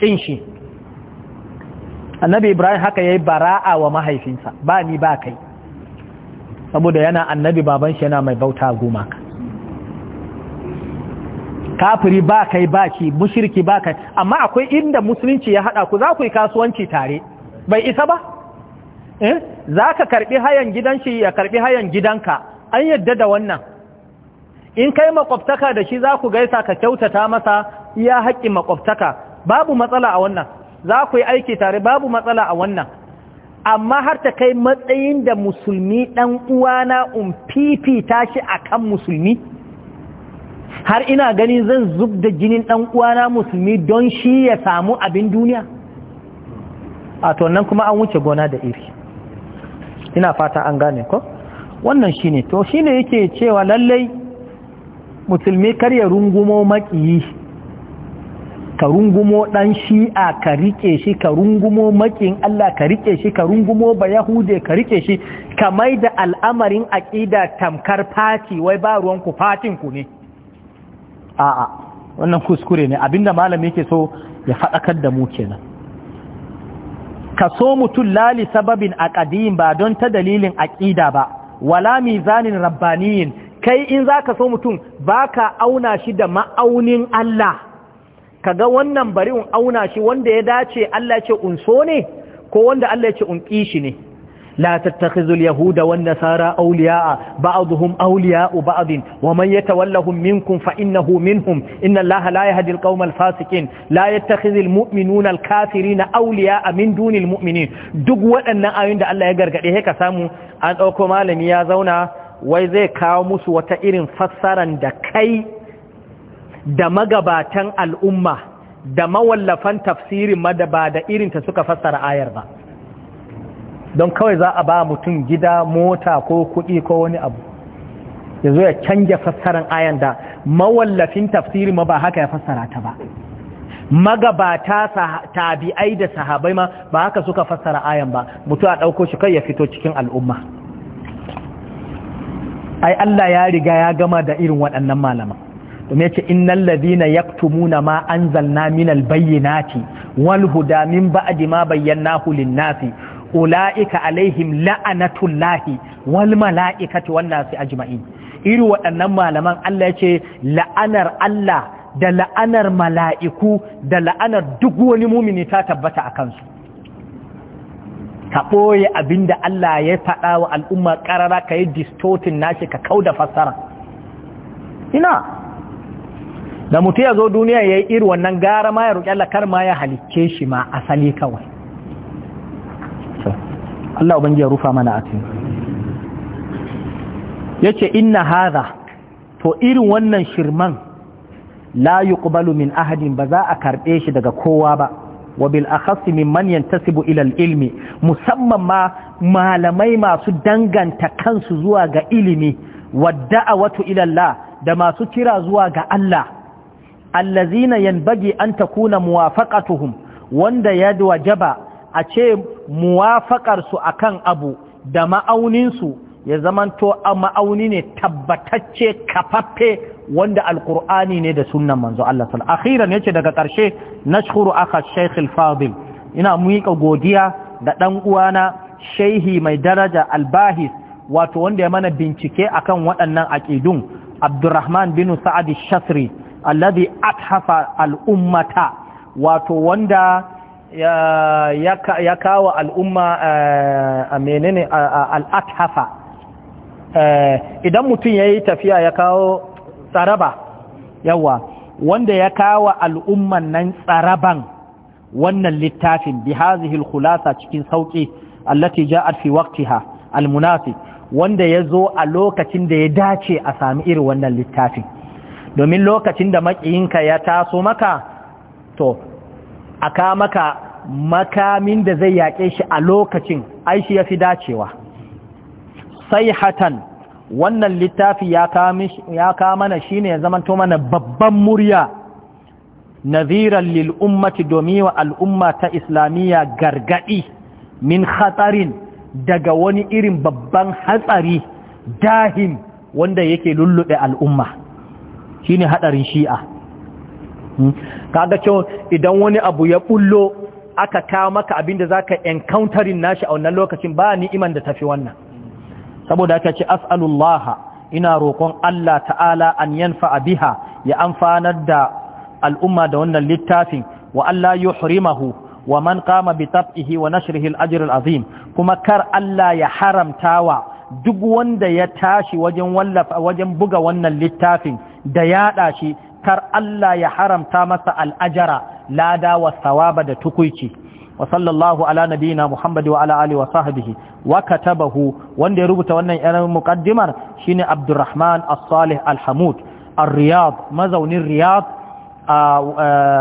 kin shi annabi ibrahim haka yayi bara'a wa mahaifinsa ba ni ba kai saboda yana annabi baban shi yana mai bauta goma kafiri ba kai ba ki mushriki ba kai amma akwai inda musulunci ya hada ku za ku yi kasuwanci tare bai isa ba Eh? za ka karbi hayan gidan shi ya karbi hayan gidanka an yadda da wannan in kai makwabtaka da shi za ku gaisa ka kyautata masa iya haƙƙin makwabtaka babu matsala a wannan za ku yi aiki tare babu matsala a wannan amma har ta kai matsayin da musulmi ɗan uwana in ta shi a kan musulmi har ina gani zan zub da jinin ɗan uwana musulmi don shi ya samu abin duniya a to kuma an wuce gona da iri ina fata an gane ko wannan shine to shine yake cewa lallai musulmi kar ya rungumo makiyi ka rungumo shi shi'a ka rike shi ka rungumo makin Allah ka rike shi ka rungumo ba yahude ka rike shi ka maida al'amarin aƙida tamkar fati wai ba ruwan fatin ku ne a'a wannan kuskure ne abinda malami yake so ya faɗakar da mu kenan ka so mutum lali sababin a ƙadiyin ba don ta dalilin aƙida ba wala mizanin rabbaniyin kai in za ka so mutum ba ka auna shi da ma'aunin Allah ka ga wannan bari in auna shi wanda ya dace Allah ce un so ne ko wanda Allah ce un ƙi shi ne لا تتخذوا اليهود والنصارى أولياء بعضهم أولياء بعض ومن يتولهم منكم فإنه منهم إن الله لا يهدي القوم الفاسقين لا يتخذ المؤمنون الكافرين أولياء من دون المؤمنين duk waɗannan ayoyin da Allah ya gargaɗe haka samu an ɗauko malami ya zauna wai zai kawo musu wata irin fassaran da kai da magabatan al'umma da mawallafan tafsirin ma ba da irinta suka fassara ayar ba don kawai za a ba mutum gida mota ko kuɗi ko wani abu ya zo ya canja fassarar ayan da mawallafin tafsiri ma ba haka ya fassara ta ba magabata tabi'ai da sahabai ma ba haka suka fassara ayan ba mutu a ɗauko shi kai ya fito cikin al'umma ai Allah ya riga ya gama da irin waɗannan malaman domin ya ce innal ladina yaktumuna ma anzalna minal bayyinati wal huda min ba'di ma bayyanahu lin-nasi ula'ika alaihim la'anatullahi wal mala'ikati wan a jima'i. iri waɗannan malaman Allah ya ce la'anar Allah da la'anar mala'iku da la'anar duk wani mumini ta tabbata a kansu ka ɓoye abin da Allah ya faɗa wa al'umma ƙarara ka yi distotin nashi ka kau da fassara ina da mutu ya zo duniya ya yi iri wannan gara ma ya roƙi Allah kar ma ya halicce shi ma asali kawai Allah ubangiya rufa mana a cikin yace inna hadha to irin wannan shirman la yuqbalu min ahadin ba za a karbe shi daga kowa ba wa bil akhassi man yantasibu ila al ilmi musamman ma malamai masu danganta kansu zuwa ga ilimi wa da'awatu ila Allah da masu kira zuwa ga Allah allazina yanbagi an takuna muwafaqatuhum wanda ya wajaba a ce muwafaƙarsu a kan abu da ma'auninsu ya zamanto a ma'auni ne tabbatacce kafaffe wanda alƙur'ani ne da sunan manzo Allah sal akhiran yace daga ƙarshe nashkuru aka Sheikh al-Fadil ina miƙa godiya da ɗan uwana shehi mai daraja albahis wato wanda ya mana bincike akan waɗannan aƙidun Abdurrahman bin Sa'ad al-Shasri alladhi athafa al-ummata wato wanda ya kawo al'umma eh, a menene al'athafa eh, idan mutum ya yi tafiya ya kawo tsaraba yawa wanda ya kawo al'umman nan tsaraban wannan littafin bi hazihil khulasa cikin sauƙi allati ja'at fi waqtiha almunafiq wanda ya zo a lokacin da ya dace a sami irin wannan littafin domin lokacin da maƙiyinka ya taso maka to a kamaka maka makamin da zai yaƙe shi a lokacin aishi ya fi dacewa sai hatan wannan littafi ya kamana shi ne ya zamanto mana babban murya naziran lil'ummati domin wa al'umma ta islamiyya gargaɗi min hatsarin daga wani irin babban hatsari dahim wanda yake lullube al'umma shi ne haɗarin shi'a hmm? kaga cewa idan wani abu ya bullo aka kawo maka abinda zaka encountering nashi a wannan lokacin ba ni'iman da tafi wannan saboda aka ce as'alullah ina roƙon Allah ta'ala an yanfa biha ya amfanar da al'umma da wannan littafin wa Allah yuhrimahu wa man qama bi tab'ihi wa nashrihi al-ajr al-azim kuma kar Allah ya haramtawa duk wanda ya tashi wajen wallafa wajen buga wannan littafin da yada shi kar Allah ya haramta masa al'ajara lada wa sawaba da tukuici wa sallallahu ala nabiyina Muhammad wa ala Ali wa sahbihi wa katabahu wanda ya rubuta wannan yaran mukaddimar shine Abdurrahman As-Salih Al-Hamud ar mazaunin Riyad. a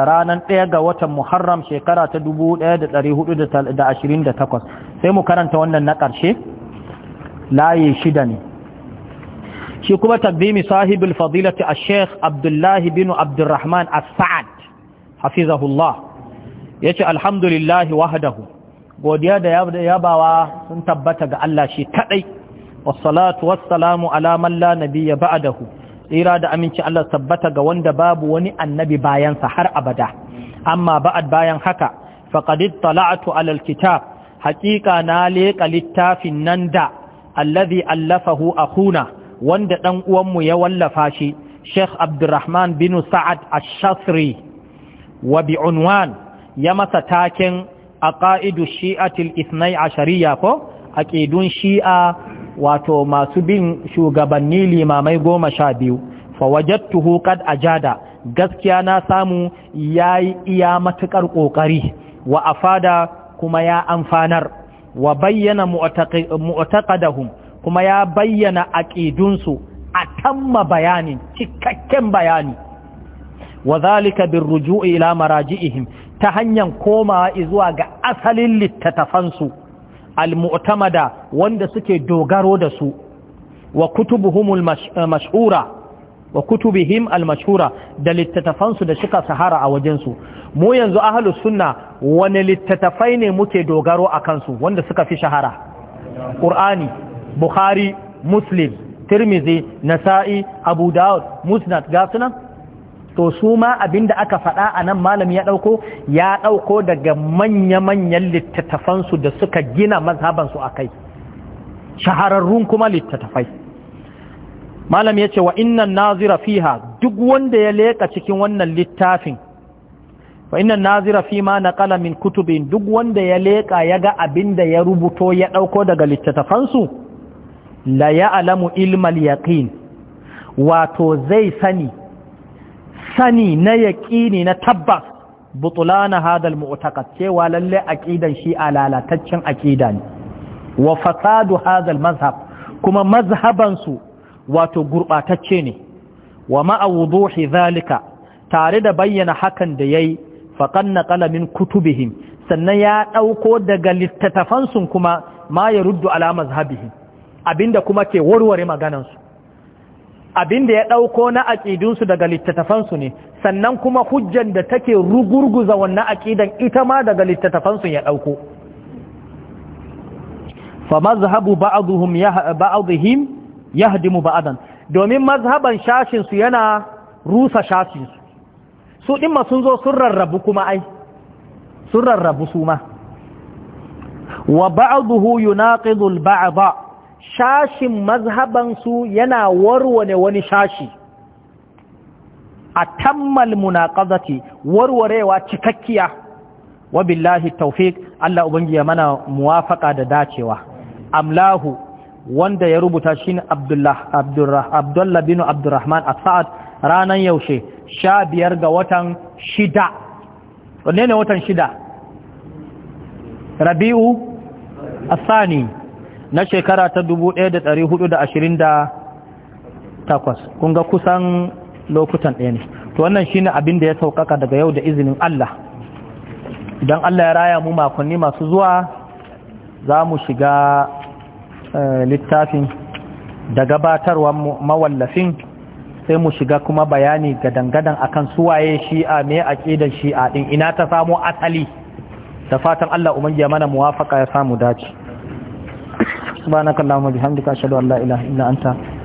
ranar 1 ga watan Muharram shekara ta 1428 sai mu karanta wannan na ƙarshe laye shida ne shi kuma tanzimi sahibul fadilati ash-sheikh abdullahi bin abdurrahman as-sa'ad hafizahullah yace alhamdulillah wahdahu godiya da yabawa sun tabbata ga Allah shi kadai wassalatu wassalamu ala man la nabiyya ba'dahu da aminci Allah tabbata ga wanda babu wani annabi bayansa har abada amma ba'ad bayan haka faqad tala'tu ala kitab haqiqa na leqa littafin nan da allazi allafahu akhuna wanda ɗan uwanmu ya wallafa shi sheikh abdurrahman bin sa'ad ash wabi'unwan wa ya masa taken aqaidu shi'atil ithnai ashariya ko aqidun shi'a wato masu bin shugabanni limamai goma sha biyu fawajattuhu qad ajada gaskiya na samu yayi iya matukar kokari wa afada kuma ya amfanar wa bayyana mu'taqadahum kuma ya bayyana aƙidunsu a tamma bayanin cikakken bayani wa zalika bin ruju'i ila maraji'ihim ta hanyar komawa zuwa ga asalin littattafansu al-mu'tamada wanda suke dogaro da su wa kutubuhum eh, mashhura wa kutubihim al-mashhura da littattafansu da suka sahara a wajensu mu yanzu ahlus sunna wani littattafai ne muke dogaro a kansu wanda suka fi shahara qur'ani bukhari muslim tirmizi nasa'i abu dawud musnad ga Tosuma to su ma abinda aka faɗa a nan malami ya ɗauko ya ɗauko daga manya-manyan littattafansu da suka gina mazhabansu a kai shahararrun kuma littattafai Malami ya ce wa innan nazira fiha duk wanda ya leƙa cikin wannan littafin wa innan nazira fi ma na kalamin kutubin duk wanda ya leƙa ya ga abin ya rubuto ya ɗauko daga littattafansu la ya'lamu ilmal yaqin wato zai sani sani na yaqini na tabbas butulana hadal mu'taqad cewa lalle aqidan shi alalataccen aqida ne wa fasadu hadal mazhab kuma mazhaban su wato gurbatacce ne wa ma'a wuduhi zalika tare da bayyana hakan da yayi faqan naqala min kutubihim sannan ya dauko daga littattafansu kuma ma ya ruddu ala mazhabihim abinda kuma ke warware maganansu abinda ya ɗauko na aƙidunsu daga littattafansu ne sannan kuma hujjan da take rugurguza wannan aƙidan ita ma daga littattafansu ya ɗauko fa mazhabu ba'dhum yahdimu ba'dan domin mazhaban shashinsu yana rusa shashinsu su ɗin ma sun zo sun rarrabu kuma ai sun rarrabu su ma wa ba'dhu yunaqidu badha shashin mazhabansu yana warware wani shashi a tammal munaqazati warwarewa cikakkiya wa billahi tawfiq Allah ubangi mana muwafaka da dacewa amlahu wanda ya rubuta shi ne Abdurrah Abdullah bin Abdurrahman Sa'ad ranar yaushe biyar ga watan shida. wanne ne watan shida. Rabi'u Asani na shekara ta dubu ɗaya da da 1428 kun ga kusan lokutan ɗaya ne to wannan shine abin da ya saukaka daga yau da izinin Allah idan Allah ya raya mu makonni masu zuwa za mu shiga eh, littafin da gabatarwa mawallafin sai mu shiga kuma bayani gadangadan akan suwaye shi'a me aqidar shi'a ɗin ina ta samo asali da fatan Allah ubangiya mana muwafaka ya samu dace subhanaka allahumma bihamdika ashhadu an la ilaha illa anta